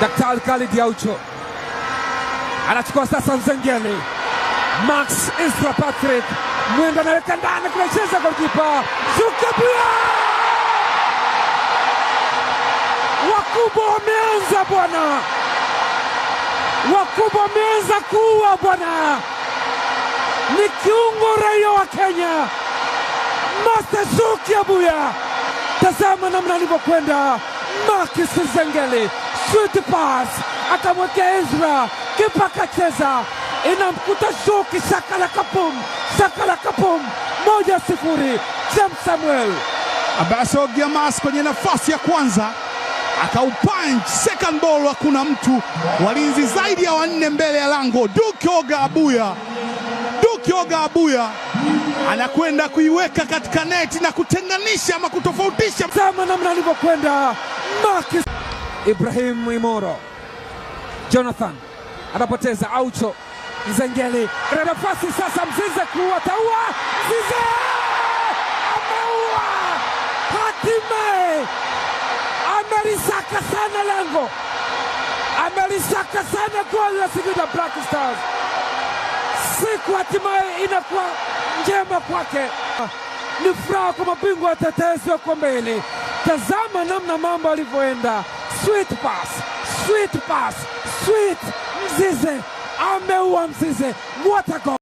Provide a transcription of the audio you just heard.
Daktari Khalid Aucho anachukua sasa Nzengeli, Max Isra Patrick mwenda anaweka ndani, kunacheza golikipa Zukabia. Wakubwa wameanza bwana, wakubwa wameanza kuwa bwana. Ni kiungo raia wa Kenya Master Zuki Abuya, tazama namna alivyokwenda Marcus Nzengeli good pass akamwekea Ezra, kipa akacheza, inamkuta Shuki sakala kapum, sakala kapum, moja sifuri. James Samuel Abaso ah Giamas kwenye nafasi ya kwanza akaupunch second ball, hakuna mtu, walinzi zaidi ya wanne mbele ya lango. Oga Abuya, Dukioga Abuya anakwenda kuiweka katika neti na kutenganisha ama kutofautisha. Tazama namna alivyokwenda Marcus Ibrahim Imoro, Jonathan anapoteza aucho. Mzengeli ana nafasi sasa, Mzize kuwataua. Mzize ameua, hatimaye amelisaka sana lengo amelisaka sana goli la Singida Black Stars. Siku hatimaye inakuwa njema kwake, ni furaha kwa mabingwa watetezi wa kombe hili. Tazama namna mambo alivyoenda. Sweet pass, sweet pass, sweet Mzize, Amewa Mzize, what a goal!